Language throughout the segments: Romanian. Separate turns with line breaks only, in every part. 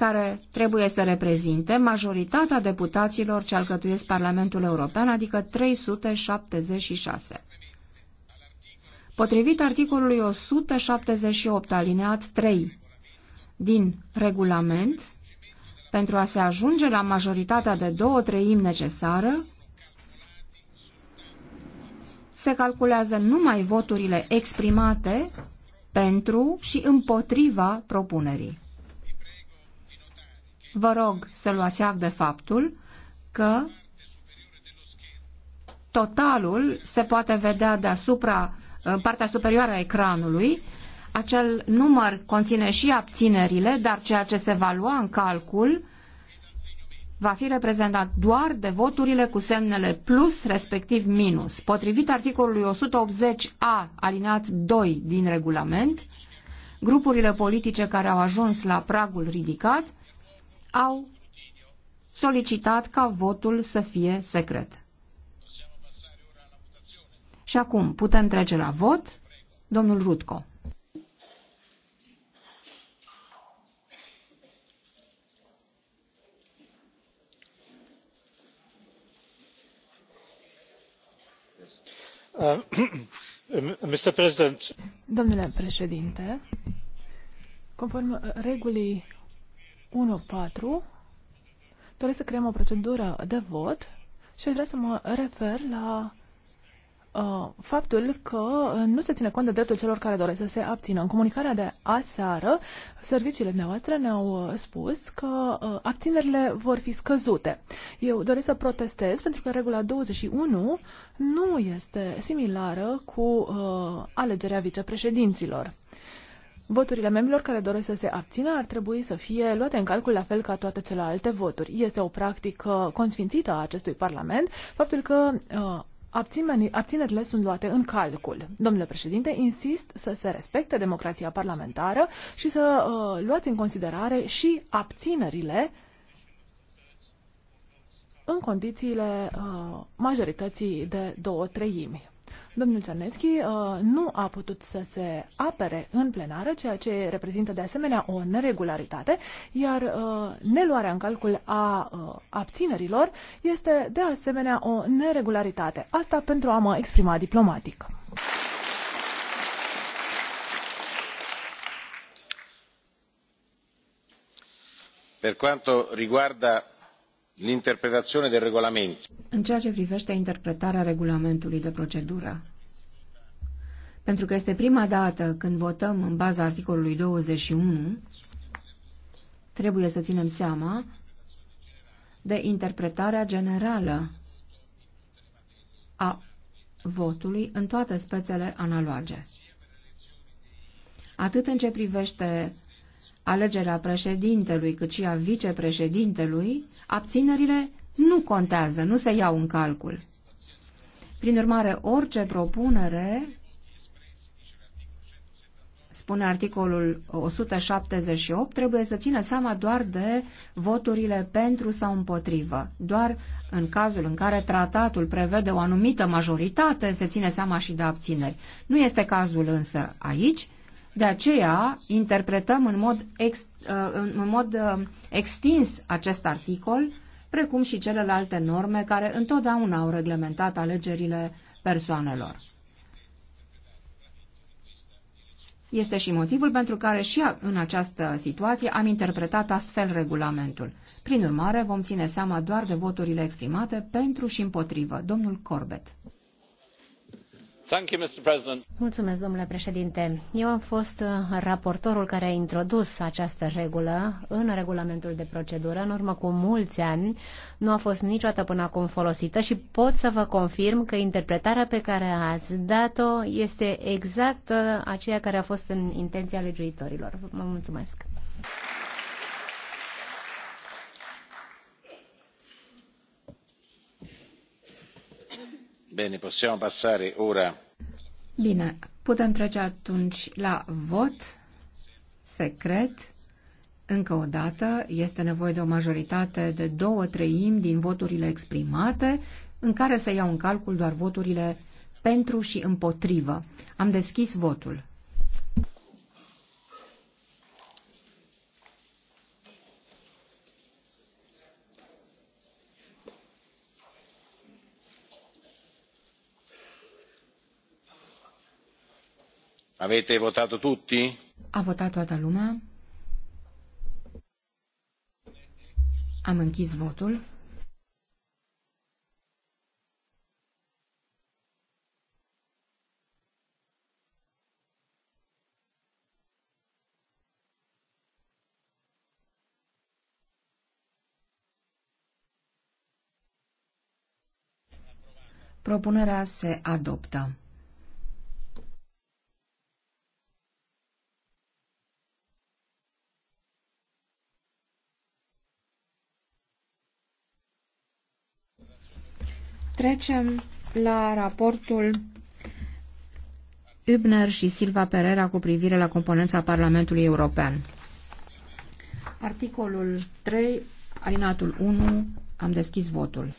care trebuie să reprezinte majoritatea deputaților ce alcătuiesc Parlamentul European, adică 376. Potrivit articolului 178 alineat 3 din regulament, pentru a se ajunge la majoritatea de două treimi necesară, se calculează numai voturile exprimate pentru și împotriva propunerii vă rog să luați act de faptul că totalul se poate vedea deasupra, în partea superioară a ecranului, acel număr conține și abținerile, dar ceea ce se va lua în calcul va fi reprezentat doar de voturile cu semnele plus respectiv minus. Potrivit articolului 180a alineat 2 din regulament, grupurile politice care au ajuns la pragul ridicat au solicitat ca votul să fie secret. Și acum putem trece la vot. Domnul Rutco. Uh,
Domnule președinte, conform uh, regulii 1.4 doresc să creăm o procedură de vot și vreau să mă refer la uh, faptul că nu se ține cont de dreptul celor care doresc să se abțină. În comunicarea de aseară, serviciile noastre ne-au uh, spus că uh, abținerile vor fi scăzute. Eu doresc să protestez pentru că regula 21 nu este similară cu uh, alegerea vicepreședinților. Voturile membrilor care doresc să se abțină ar trebui să fie luate în calcul la fel ca toate celelalte voturi. Este o practică consfințită a acestui Parlament faptul că uh, Abținerile sunt luate în calcul. Domnule președinte, insist să se respecte democrația parlamentară și să uh, luați în considerare și abținerile în condițiile uh, majorității de două treimi. Domnul uh, nu a putut să se apere în plenară, ceea ce reprezintă de asemenea o neregularitate, iar uh, neluarea în calcul a uh, abținerilor este de asemenea o neregularitate. Asta pentru a mă exprima diplomatic.
Per quanto riguarda l'interpretazione del regolamento.
În ceea ce privește interpretarea regulamentului de procedură, pentru că este prima dată când votăm în baza articolului 21, trebuie să ținem seama de interpretarea generală a votului în toate spețele analoage. Atât în ce privește alegerea președintelui cât și a vicepreședintelui, abținerile nu contează, nu se iau în calcul. Prin urmare, orice propunere, spune articolul 178, trebuie să țină seama doar de voturile pentru sau împotrivă. Doar în cazul în care tratatul prevede o anumită majoritate, se ține seama și de abțineri. Nu este cazul însă aici, de aceea interpretăm în mod, ex, uh, în mod uh, extins acest articol, precum și celelalte norme care întotdeauna au reglementat alegerile persoanelor. Este și motivul pentru care și în această situație am interpretat astfel regulamentul. Prin urmare, vom ține seama doar de voturile exprimate pentru și
împotrivă. Domnul Corbett. Mulțumesc, domnule președinte. Eu am fost uh, raportorul care a introdus această regulă în regulamentul de procedură în urmă cu mulți ani. Nu a fost niciodată până acum folosită și pot să vă confirm că interpretarea pe care ați dat-o este exact uh, aceea care a fost în intenția legiuitorilor. Vă mulțumesc.
Bine, possiamo passare ora.
Bine, putem trece atunci la vot secret. Încă o dată, este nevoie de o majoritate de două treimi din voturile exprimate, în care să iau în calcul doar voturile pentru și împotrivă. Am deschis votul.
Avete votato tutti?
A votat toată lumea. Am închis votul. Propunerea se adoptă. Trecem la raportul Hübner și Silva Pereira cu privire la componența Parlamentului European. Articolul 3, alinatul 1, am deschis votul.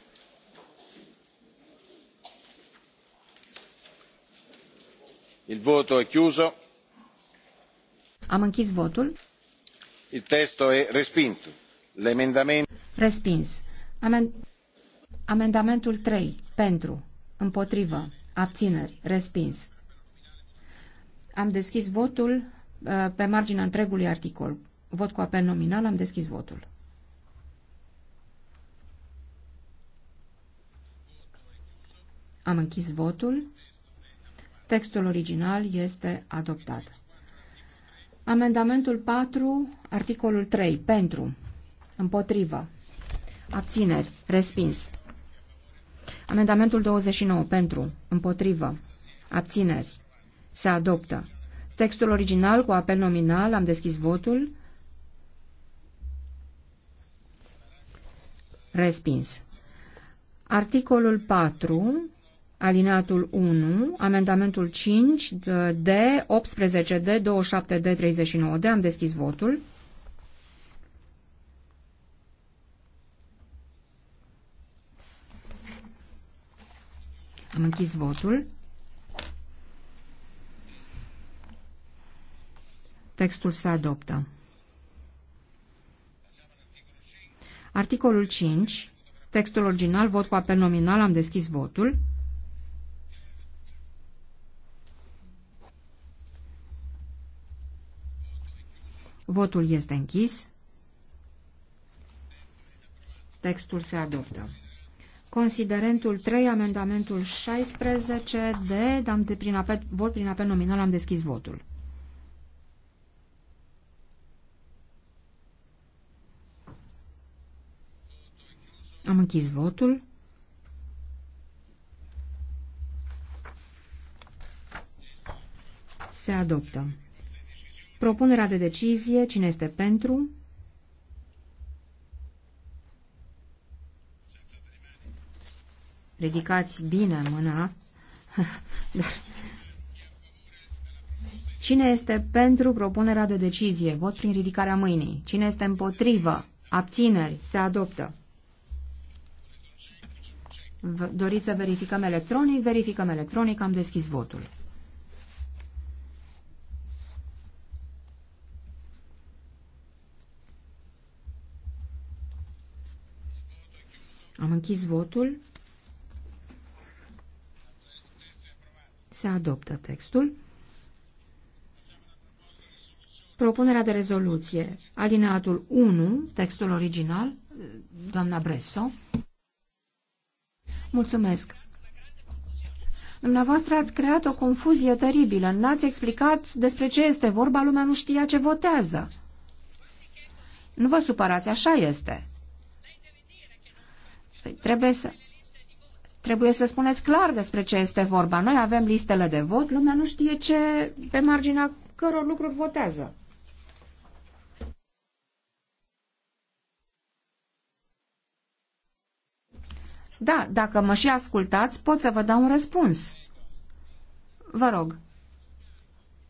Il voto è chiuso.
Am închis votul.
Il testo è respinto. L'emendamento
respins. Amen... Amendamentul 3. Pentru. Împotrivă. Abțineri. Respins. Am deschis votul uh, pe marginea întregului articol. Vot cu apel nominal. Am deschis votul. Am închis votul. Textul original este adoptat. Amendamentul 4, articolul 3. Pentru. Împotrivă. Abțineri. Respins. Amendamentul 29 pentru, împotrivă, abțineri, se adoptă. Textul original cu apel nominal, am deschis votul. Respins. Articolul 4, alineatul 1, amendamentul 5 de 18 de 27 de 39 de, am deschis votul. Am închis votul. Textul se adoptă. Articolul 5. Textul original, vot cu apel nominal, am deschis votul. Votul este închis. Textul se adoptă. Considerentul 3, amendamentul 16 de, dam de prin apel, vot prin apel nominal, am deschis votul. Am închis votul. Se adoptă. Propunerea de decizie, cine este pentru? ridicați bine mâna. Cine este pentru propunerea de decizie? Vot prin ridicarea mâinii. Cine este împotrivă? Abțineri. Se adoptă. V doriți să verificăm electronic? Verificăm electronic. Am deschis votul. Am închis votul. Se adoptă textul. Propunerea de rezoluție, alineatul 1, textul original, doamna Bresso. Mulțumesc. Dumneavoastră ați creat o confuzie teribilă. N-ați explicat despre ce este vorba, lumea nu știa ce votează. Nu vă supărați, așa este. Păi trebuie să... Trebuie să spuneți clar despre ce este vorba. Noi avem listele de vot, lumea nu știe ce pe marginea căror lucruri votează. Da, dacă mă și ascultați, pot să vă dau un răspuns. Vă rog,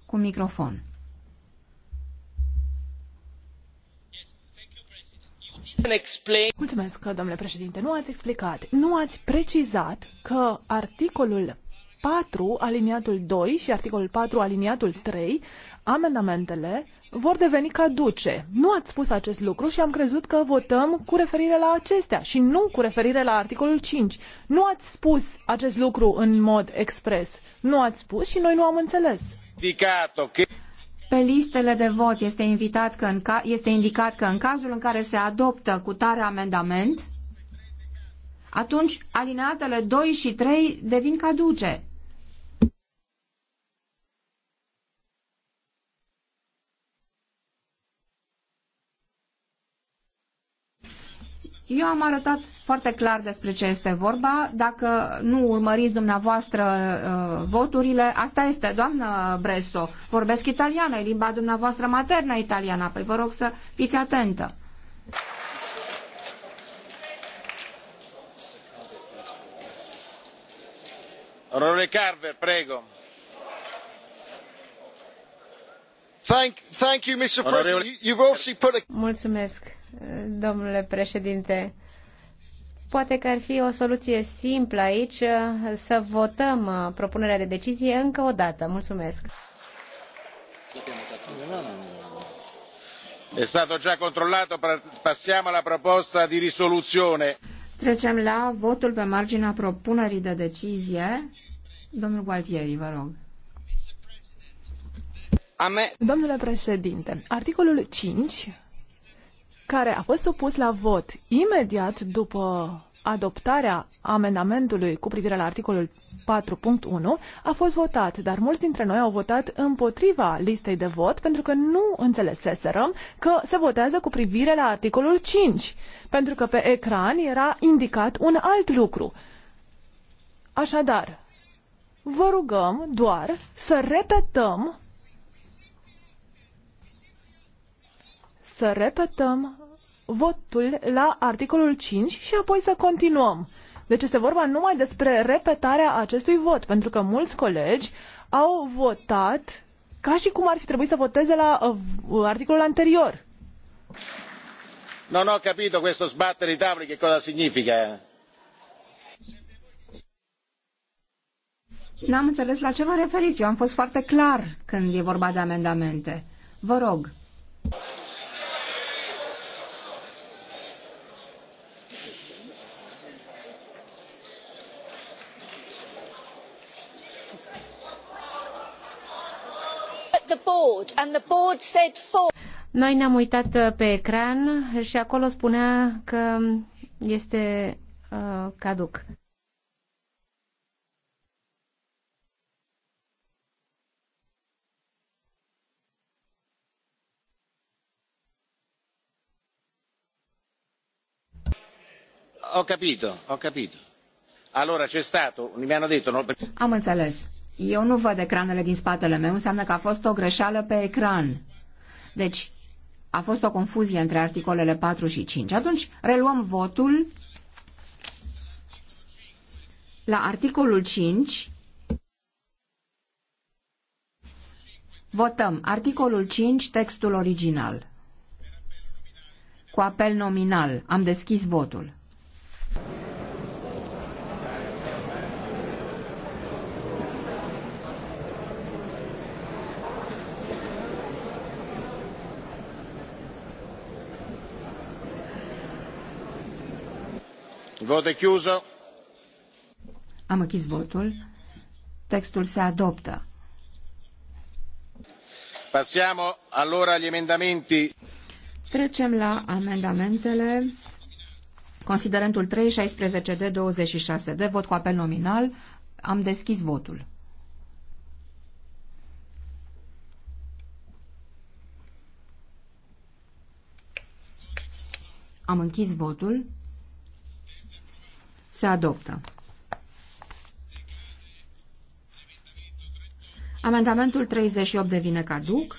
cu microfon.
Mulțumesc, domnule președinte. Nu ați explicat, nu ați precizat că articolul 4, aliniatul 2 și articolul 4, aliniatul 3, amendamentele vor deveni caduce. Nu ați spus acest lucru și am crezut că votăm cu referire la acestea și nu cu referire la articolul 5. Nu ați spus acest lucru în mod expres. Nu ați spus și noi nu am înțeles.
Pe listele de vot este, invitat că în ca, este indicat că în cazul în care se adoptă cu tare amendament, atunci alineatele 2 și 3 devin caduce. Eu am arătat foarte clar despre ce este vorba. Dacă nu urmăriți dumneavoastră uh, voturile, asta este, doamnă Bresso, vorbesc italiană, e limba dumneavoastră maternă italiana, păi vă rog să fiți atentă.
Onorevole Carver, prego. Thank, thank you, Mr. President. You've obviously put a...
Mulțumesc domnule președinte. Poate că ar fi o soluție simplă aici uh, să votăm uh, propunerea de decizie încă o dată. Mulțumesc.
È stato già controllato, passiamo alla proposta di risoluzione.
Trecem la votul pe marginea propunerii de decizie. Domnul Gualtieri, vă rog.
Domnule președinte, articolul 5 care a fost supus la vot imediat după adoptarea amendamentului cu privire la articolul 4.1 a fost votat, dar mulți dintre noi au votat împotriva listei de vot pentru că nu înțeleseserăm că se votează cu privire la articolul 5, pentru că pe ecran era indicat un alt lucru. Așadar, vă rugăm doar să repetăm să repetăm votul la articolul 5 și apoi să continuăm. Deci este vorba numai despre repetarea acestui vot, pentru că mulți colegi au votat ca și cum ar fi trebuit să voteze la uh, articolul anterior.
Non ho capito questo sbattere i tavoli che cosa significa.
N-am înțeles la ce vă referiți. Eu am fost foarte clar când e vorba de amendamente. Vă rog.
Noi ne-am uitat uh, pe ecran și acolo spunea că este uh, caduc.
Ho capito, ho capito. Allora c'è stato, mi hanno detto... No...
Am înțeles. Eu nu văd ecranele din spatele meu, înseamnă că a fost o greșeală pe ecran. Deci, a fost o confuzie între articolele 4 și 5. Atunci, reluăm votul la articolul 5. Votăm articolul 5, textul original. Cu apel nominal. Am deschis votul. Am închis votul. Textul se adoptă.
Passiamo allora agli emendamenti.
Trecem la amendamentele. Considerentul 3, 16 de 26 de vot cu apel nominal. Am deschis votul. Am închis votul. Se adoptă. Amendamentul 38 devine caduc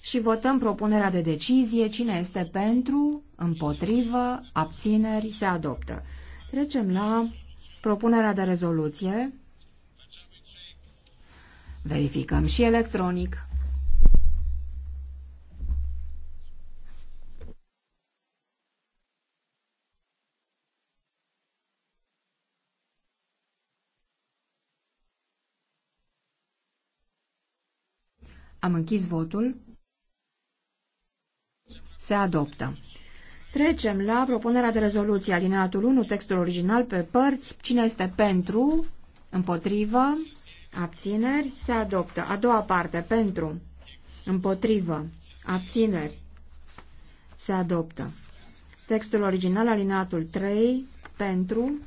și votăm propunerea de decizie. Cine este pentru, împotrivă, abțineri, se adoptă. Trecem la propunerea de rezoluție. Verificăm și electronic. Am închis votul. Se adoptă. Trecem la propunerea de rezoluție, alineatul 1, textul original pe părți. Cine este pentru? Împotrivă? Abțineri? Se adoptă. A doua parte, pentru? Împotrivă? Abțineri? Se adoptă. Textul original, alineatul 3, pentru?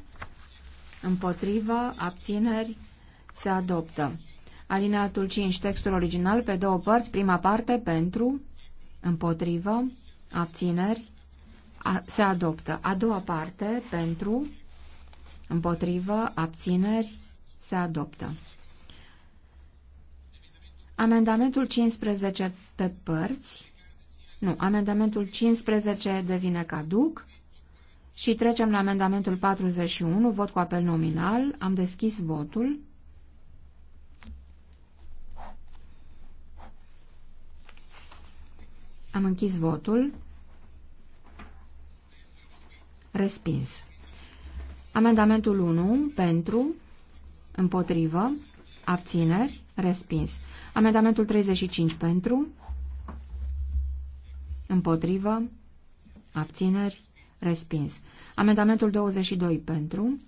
Împotrivă? Abțineri? Se adoptă. Alineatul 5, textul original, pe două părți, prima parte, pentru, împotrivă, abțineri, a, se adoptă. A doua parte, pentru, împotrivă, abțineri, se adoptă. Amendamentul 15 pe părți, nu, amendamentul 15 devine caduc și trecem la amendamentul 41, vot cu apel nominal, am deschis votul. Am închis votul. Respins. Amendamentul 1 pentru, împotrivă, abțineri, respins. Amendamentul 35 pentru, împotrivă, abțineri, respins. Amendamentul 22 pentru,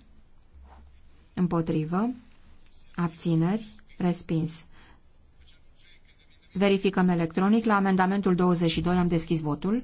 împotrivă, abțineri, respins. Verificăm electronic. La amendamentul 22 am deschis votul.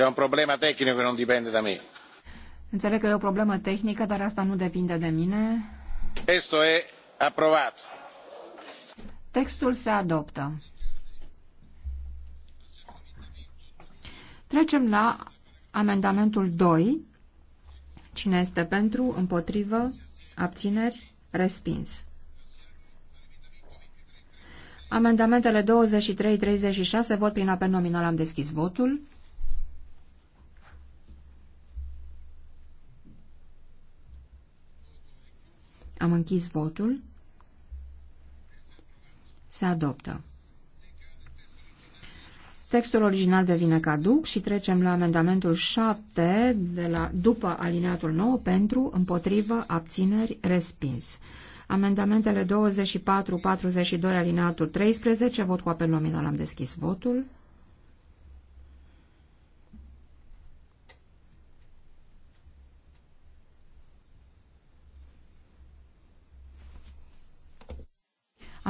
C'è un problema tecnico che non dipende da me.
Înțeleg că e o problemă tehnică, dar asta nu depinde de mine.
Textul è aprobat.
Textul se adoptă. Trecem la amendamentul 2. Cine este pentru, împotrivă, abțineri, respins. Amendamentele 23-36, vot prin apel nominal, am deschis votul. Am închis votul. Se adoptă. Textul original devine caduc și trecem la amendamentul 7 de la, după alineatul 9 pentru, împotrivă, abțineri, respins. Amendamentele 24, 42, alineatul 13, vot cu apel nominal, am deschis votul.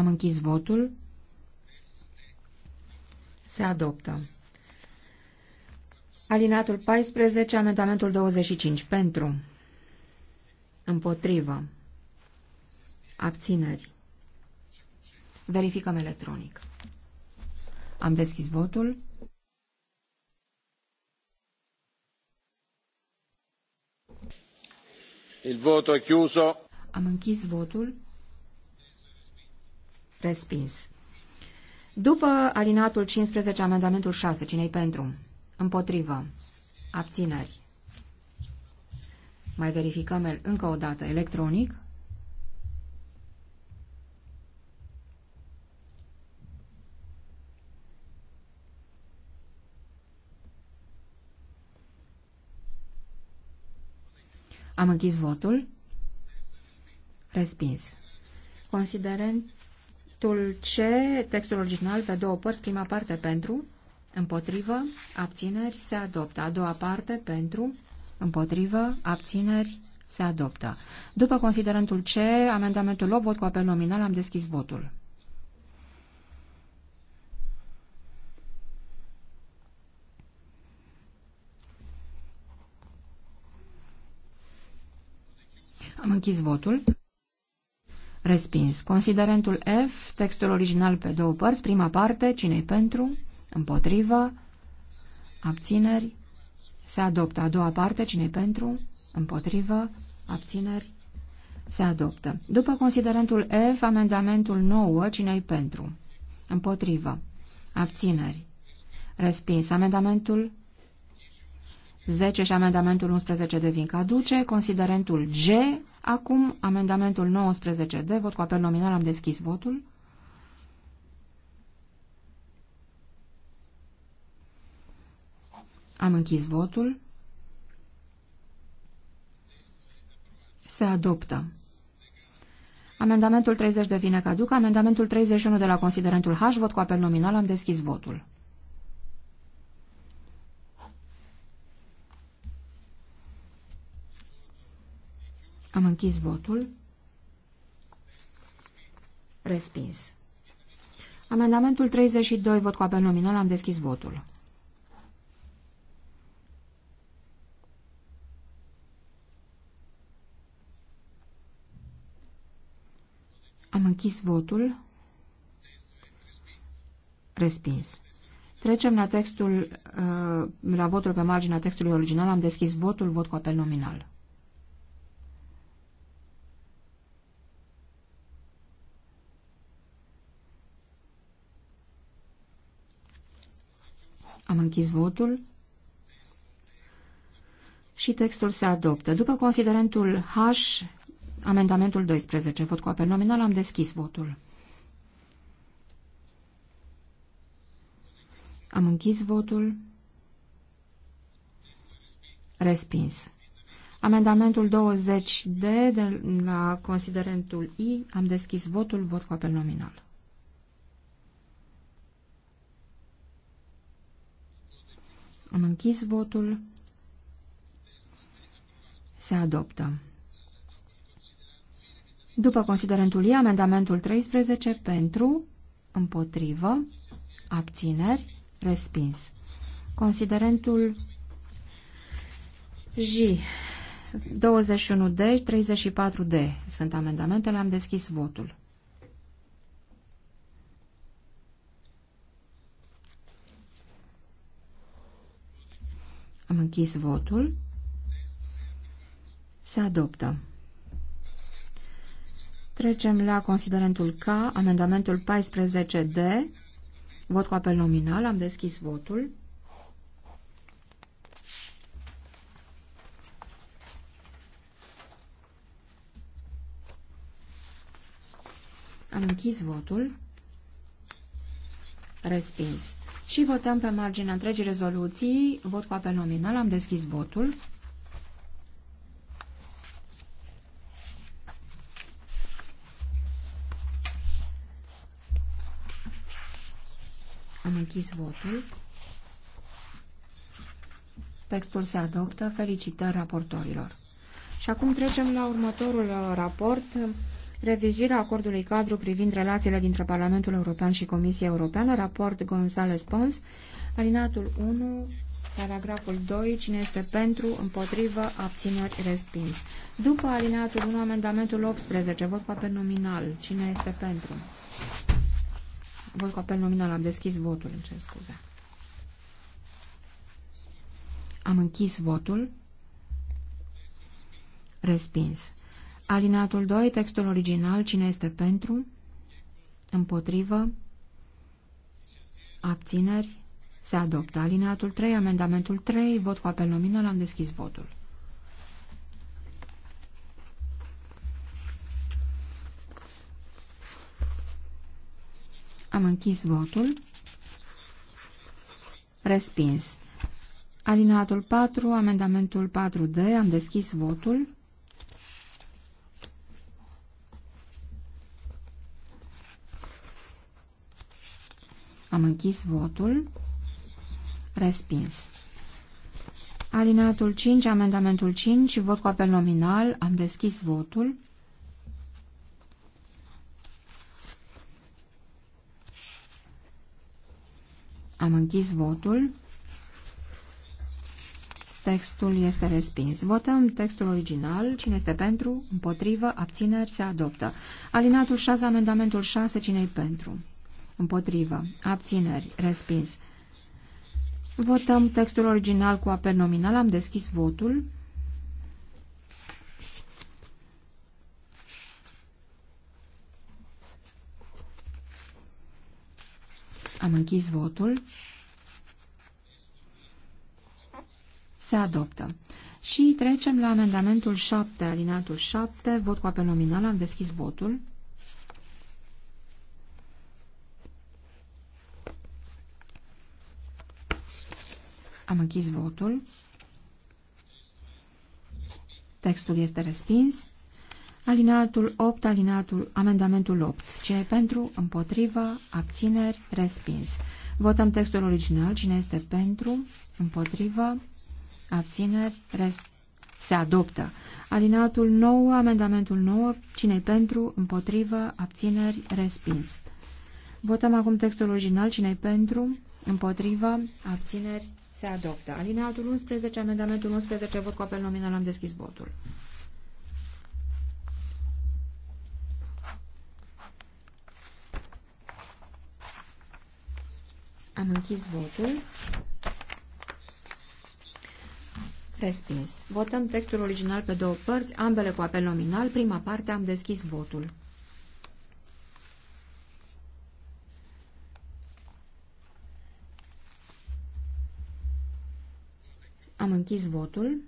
Am închis votul. Se adoptă. Alinatul 14, amendamentul 25. Pentru. Împotrivă. Abțineri. Verificăm electronic. Am deschis votul.
Il voto è chiuso.
Am închis votul. Respins. După alinatul 15, amendamentul 6, cine pentru? Împotrivă. Abțineri. Mai verificăm el încă o dată electronic. Am închis votul. Respins. Considerent Compromisul C, textul original pe două părți, prima parte pentru, împotrivă, abțineri, se adoptă. A doua parte pentru, împotrivă, abțineri, se adoptă. După considerentul C, amendamentul 8, vot cu apel nominal, am deschis votul. Am închis votul. Respins. Considerentul F, textul original pe două părți, prima parte, cine pentru, împotrivă, abțineri, se adoptă. A doua parte, cine pentru, împotrivă, abțineri, se adoptă. După considerentul F, amendamentul 9, cine pentru, împotrivă, abțineri, respins. Amendamentul 10 și amendamentul 11 devin caduce. Considerentul G. Acum amendamentul 19 de vot cu apel nominal. Am deschis votul. Am închis votul. Se adoptă. Amendamentul 30 devine caduc. Amendamentul 31 de la considerentul H. Vot cu apel nominal. Am deschis votul. Am închis votul. Respins. Amendamentul 32, vot cu apel nominal, am deschis votul. Am închis votul. Respins. Trecem la textul, uh, la votul pe marginea textului original. Am deschis votul, vot cu apel nominal. închis votul. Și textul se adoptă. După considerentul H, amendamentul 12, vot cu apel nominal, am deschis votul. Am închis votul. Respins. Amendamentul 20D de la considerentul I, am deschis votul, vot cu apel nominal. Am închis votul. Se adoptă. După considerentul I, amendamentul 13 pentru, împotrivă, abțineri, respins. Considerentul J, 21D, 34D sunt amendamentele, am deschis votul. închis votul. Se adoptă. Trecem la considerentul K, amendamentul 14D, vot cu apel nominal, am deschis votul. Am închis votul. Respins și votăm pe marginea întregii rezoluții. Vot cu apel nominal. Am deschis votul. Am închis votul. Textul se adoptă. Felicitări raportorilor. Și acum trecem la următorul uh, raport revizuirea acordului cadru privind relațiile dintre Parlamentul European și Comisia Europeană, raport González Pons, alinatul 1, paragraful 2, cine este pentru, împotrivă, abțineri, respins. După alinatul 1, amendamentul 18, vot cu apel nominal, cine este pentru? Vot cu apel nominal, am deschis votul, îmi cer scuze. Am închis votul. Respins. Alinatul 2, textul original, cine este pentru? Împotrivă? Abțineri? Se adoptă. Alinatul 3, amendamentul 3, vot cu apel nominal, am deschis votul. Am închis votul. Respins. Alinatul 4, amendamentul 4D, am deschis votul. Am închis votul. Respins. Alineatul 5, amendamentul 5, vot cu apel nominal. Am deschis votul. Am închis votul. Textul este respins. Votăm textul original. Cine este pentru? Împotrivă? Abțineri? Se adoptă. Alinatul 6, amendamentul 6. Cine-i pentru? Împotrivă. Abțineri. Respins. Votăm textul original cu apel nominal. Am deschis votul. Am închis votul. Se adoptă. Și trecem la amendamentul 7, alineatul 7, vot cu apel nominal. Am deschis votul. închis votul. Textul este respins. alinatul 8, alinatul amendamentul 8. Cine pentru, împotriva, abțineri, respins. Votăm textul original. Cine este pentru, împotriva, abțineri, respins. se adoptă. alinatul 9, amendamentul 9. cine pentru, împotriva, abțineri, respins. Votăm acum textul original. cine pentru, împotriva, abțineri, se adoptă. Alineatul 11, amendamentul 11, vot cu apel nominal, am deschis votul. Am închis votul. Respins. Votăm textul original pe două părți, ambele cu apel nominal. Prima parte am deschis votul. închis votul.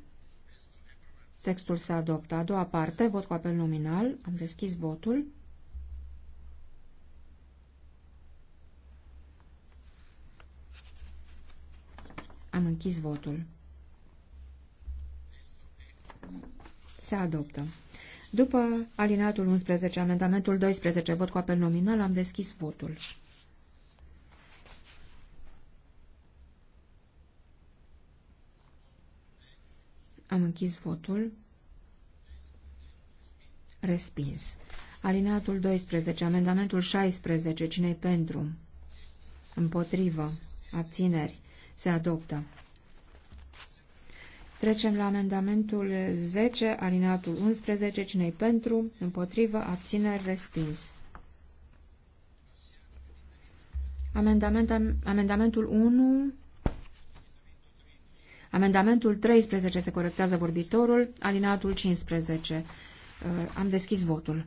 Textul se adoptă. A doua parte, vot cu apel nominal. Am deschis votul. Am închis votul. Se adoptă. După alinatul 11, amendamentul 12, vot cu apel nominal, am deschis votul. închis votul. Respins. Alineatul 12, amendamentul 16, cine pentru? Împotrivă. Abțineri. Se adoptă. Trecem la amendamentul 10, alineatul 11, cine pentru? Împotrivă. Abțineri. Respins. Amendament, amendamentul 1 Amendamentul 13 se corectează vorbitorul, alineatul 15. Uh, am deschis votul.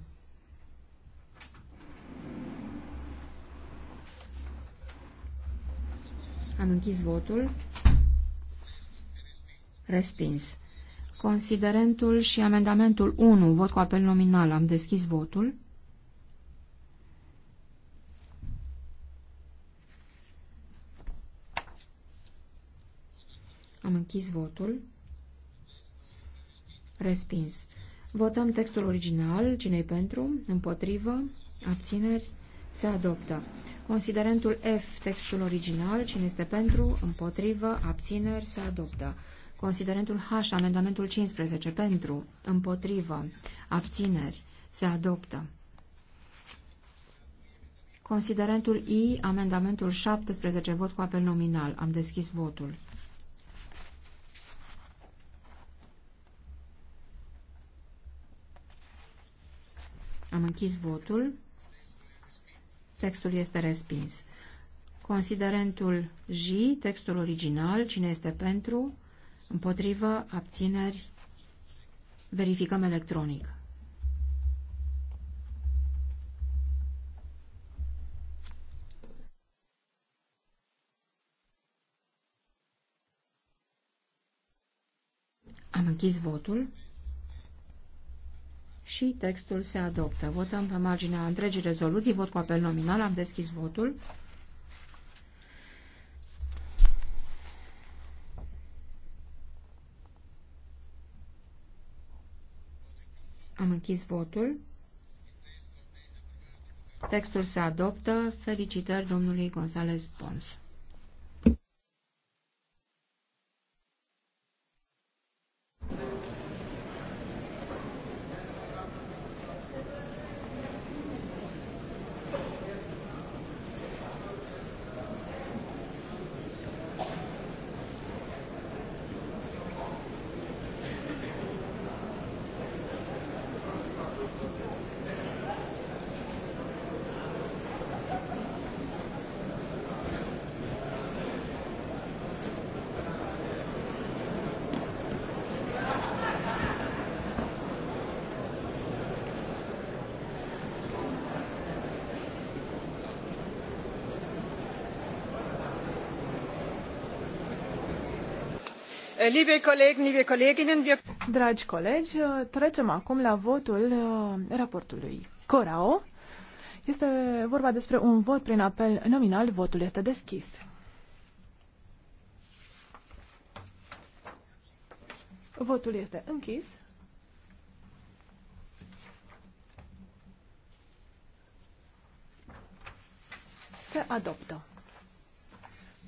Am închis votul. Respins. Considerentul și amendamentul 1, vot cu apel nominal. Am deschis votul. Am închis votul. Respins. Votăm textul original. cine pentru? Împotrivă? Abțineri? Se adoptă. Considerentul F, textul original. Cine este pentru? Împotrivă? Abțineri? Se adoptă. Considerentul H, amendamentul 15. Pentru? Împotrivă? Abțineri? Se adoptă. Considerentul I, amendamentul 17, vot cu apel nominal. Am deschis votul. Am închis votul. Textul este respins. Considerentul J, textul original, cine este pentru, împotrivă, abțineri, verificăm electronic. Am închis votul și textul se adoptă. Votăm pe marginea întregii rezoluții, vot cu apel nominal, am deschis votul. Am închis votul. Textul se adoptă. Felicitări domnului González
Pons. Eh, Dragi colegi, eh, trecem acum la votul eh, raportului Corao. Este vorba despre un vot prin apel nominal. Votul este deschis. Votul este închis. Se adoptă.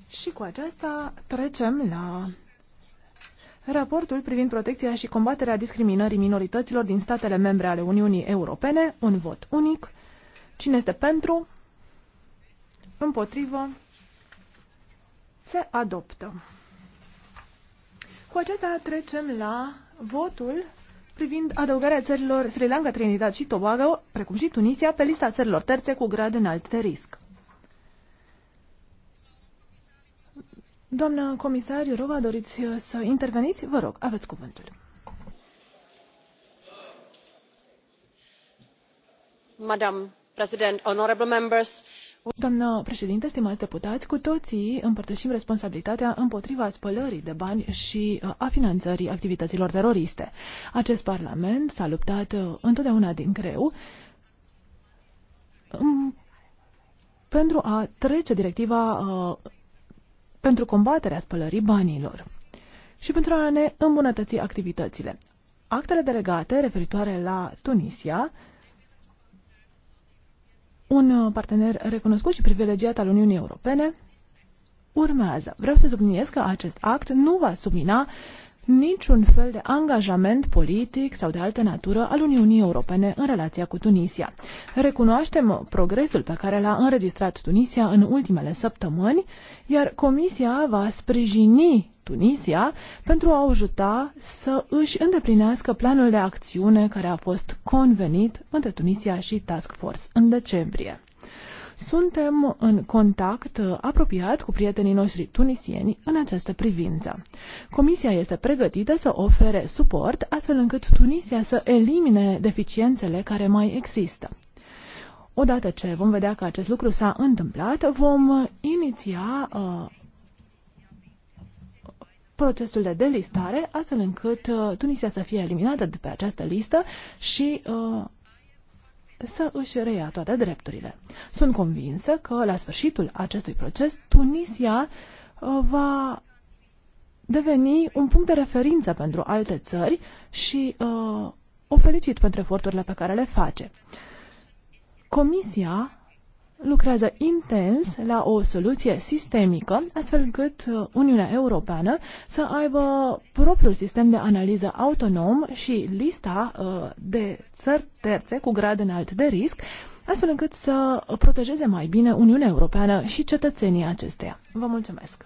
Și cu aceasta trecem la Raportul privind protecția și combaterea discriminării minorităților din statele membre ale Uniunii Europene, un vot unic. Cine este pentru? Împotrivă? Se adoptă. Cu acesta trecem la votul privind adăugarea țărilor Sri Lanka, Trinidad și Tobago, precum și Tunisia, pe lista țărilor terțe cu grad înalt de risc. Doamnă comisar, eu rog, doriți uh, să interveniți? Vă rog, aveți cuvântul.
Madam President, honorable members,
Doamnă președinte, stimați deputați, cu toții împărtășim responsabilitatea împotriva spălării de bani și uh, a finanțării activităților teroriste. Acest Parlament s-a luptat uh, întotdeauna din greu um, pentru a trece directiva uh, pentru combaterea spălării banilor și pentru a ne îmbunătăți activitățile. Actele delegate referitoare la Tunisia, un partener recunoscut și privilegiat al Uniunii Europene, urmează. Vreau să subliniez că acest act nu va submina niciun fel de angajament politic sau de altă natură al Uniunii Europene în relația cu Tunisia. Recunoaștem progresul pe care l-a înregistrat Tunisia în ultimele săptămâni, iar Comisia va sprijini Tunisia pentru a ajuta să își îndeplinească planul de acțiune care a fost convenit între Tunisia și Task Force în decembrie. Suntem în contact uh, apropiat cu prietenii noștri tunisieni în această privință. Comisia este pregătită să ofere suport astfel încât Tunisia să elimine deficiențele care mai există. Odată ce vom vedea că acest lucru s-a întâmplat, vom iniția uh, procesul de delistare, astfel încât uh, Tunisia să fie eliminată de pe această listă și uh, să își reia toate drepturile. Sunt convinsă că la sfârșitul acestui proces Tunisia uh, va deveni un punct de referință pentru alte țări și uh, o felicit pentru eforturile pe care le face. Comisia lucrează intens la o soluție sistemică, astfel încât uh, Uniunea Europeană să aibă propriul sistem de analiză autonom și lista uh, de țări terțe cu grad înalt de risc, astfel încât să protejeze mai bine Uniunea Europeană și cetățenii acesteia. Vă mulțumesc!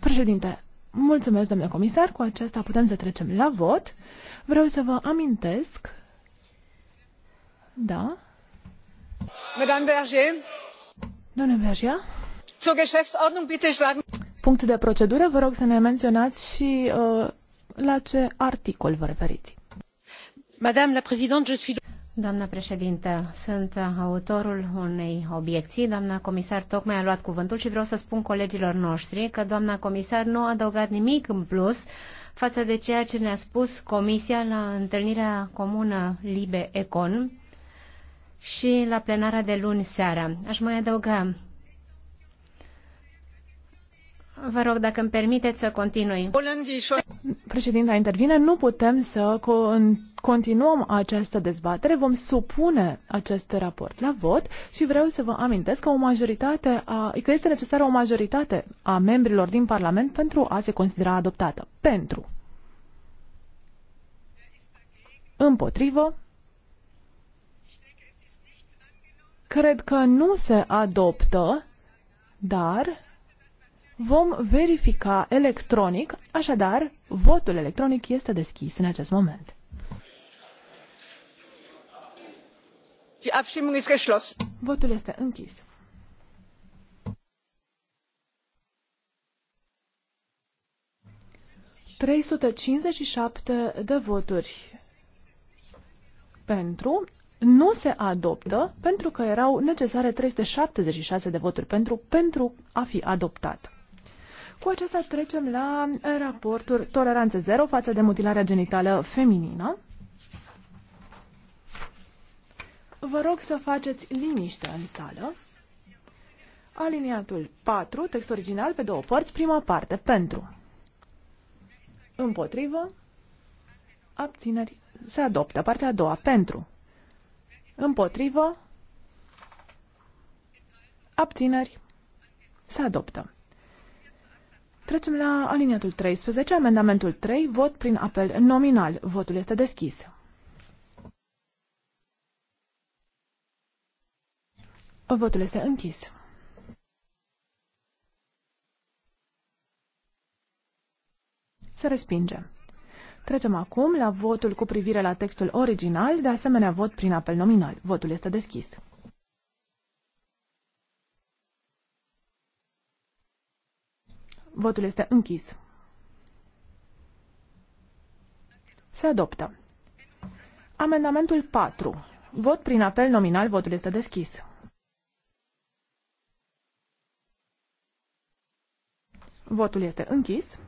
Președinte, mulțumesc, domnule comisar, cu aceasta putem să trecem la vot. Vreau să vă amintesc... Da? Punct de procedură, vă rog să ne menționați și uh, la ce articol vă referiți.
Madame Doamna președintă, sunt autorul unei obiecții. Doamna comisar tocmai a luat cuvântul și vreau să spun colegilor noștri că doamna comisar nu a adăugat nimic în plus față de ceea ce ne-a spus Comisia la întâlnirea comună Libe-Econ și la plenara de luni seara. Aș mai adăuga. Vă rog, dacă îmi permiteți să continui. Președinta intervine,
nu putem să continuăm această dezbatere. Vom supune acest raport la vot și vreau să vă amintesc că o majoritate a, că este necesară o majoritate a membrilor din Parlament pentru a se considera adoptată. Pentru. Împotrivă. cred că nu se adoptă, dar vom verifica electronic, așadar votul electronic este deschis în acest moment. Votul este închis. trei sute cincizeci și șapte de voturi pentru nu se adoptă pentru că erau necesare 376 de voturi pentru, pentru a fi adoptat. Cu acesta trecem la raportul Toleranță Zero față de mutilarea genitală feminină. Vă rog să faceți liniște în sală. Aliniatul 4, text original pe două părți, prima parte, pentru. Împotrivă, abțineri, se adoptă. Partea a doua, pentru. Împotrivă. Abțineri. Se adoptă. Trecem la aliniatul 13, amendamentul 3, vot prin apel nominal. Votul este deschis. Votul este închis. Se respinge. Trecem acum la votul cu privire la textul original, de asemenea vot prin apel nominal. Votul este deschis. Votul este închis. Se adoptă. Amendamentul 4. Vot prin apel nominal. Votul este deschis. Votul este închis.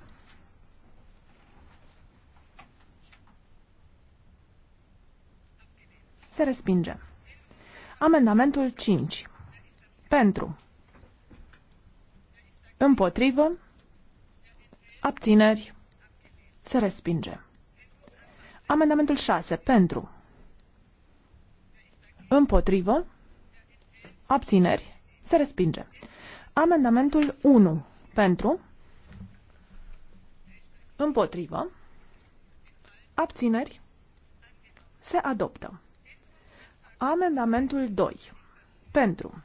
Se respinge. Amendamentul 5. Pentru. Împotrivă. Abțineri. Se respinge. Amendamentul 6. Pentru. Împotrivă. Abțineri. Se respinge. Amendamentul 1. Pentru. Împotrivă. Abțineri. Se adoptă. Amendamentul 2. Pentru.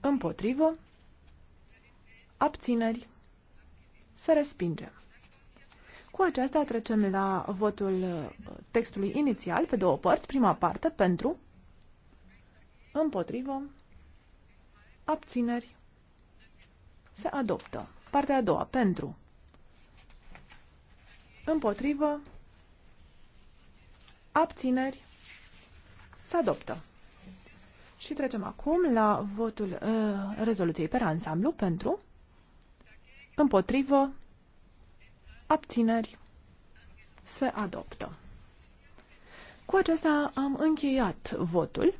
Împotrivă. Abțineri. Se respinge. Cu aceasta trecem la votul uh, textului inițial, pe două părți. Prima parte, pentru. Împotrivă. Abțineri. Se adoptă. Partea a doua, pentru. Împotrivă. Abțineri se adoptă. Și trecem acum la votul uh, rezoluției pe ansamblu pentru, împotrivă, abțineri, se adoptă. Cu acesta am încheiat votul.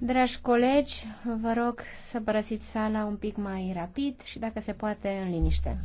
Dragi colegi, vă rog să părăsiți sala un pic mai rapid și dacă se poate în liniște.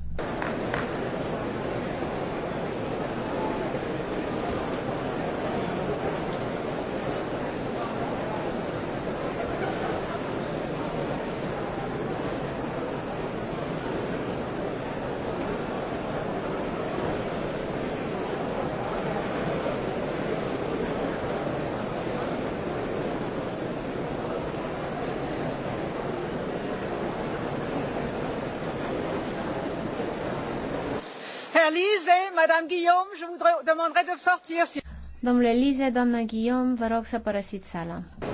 Domnule Lize, doamnă Guillaume, vă rog să părăsiți sala.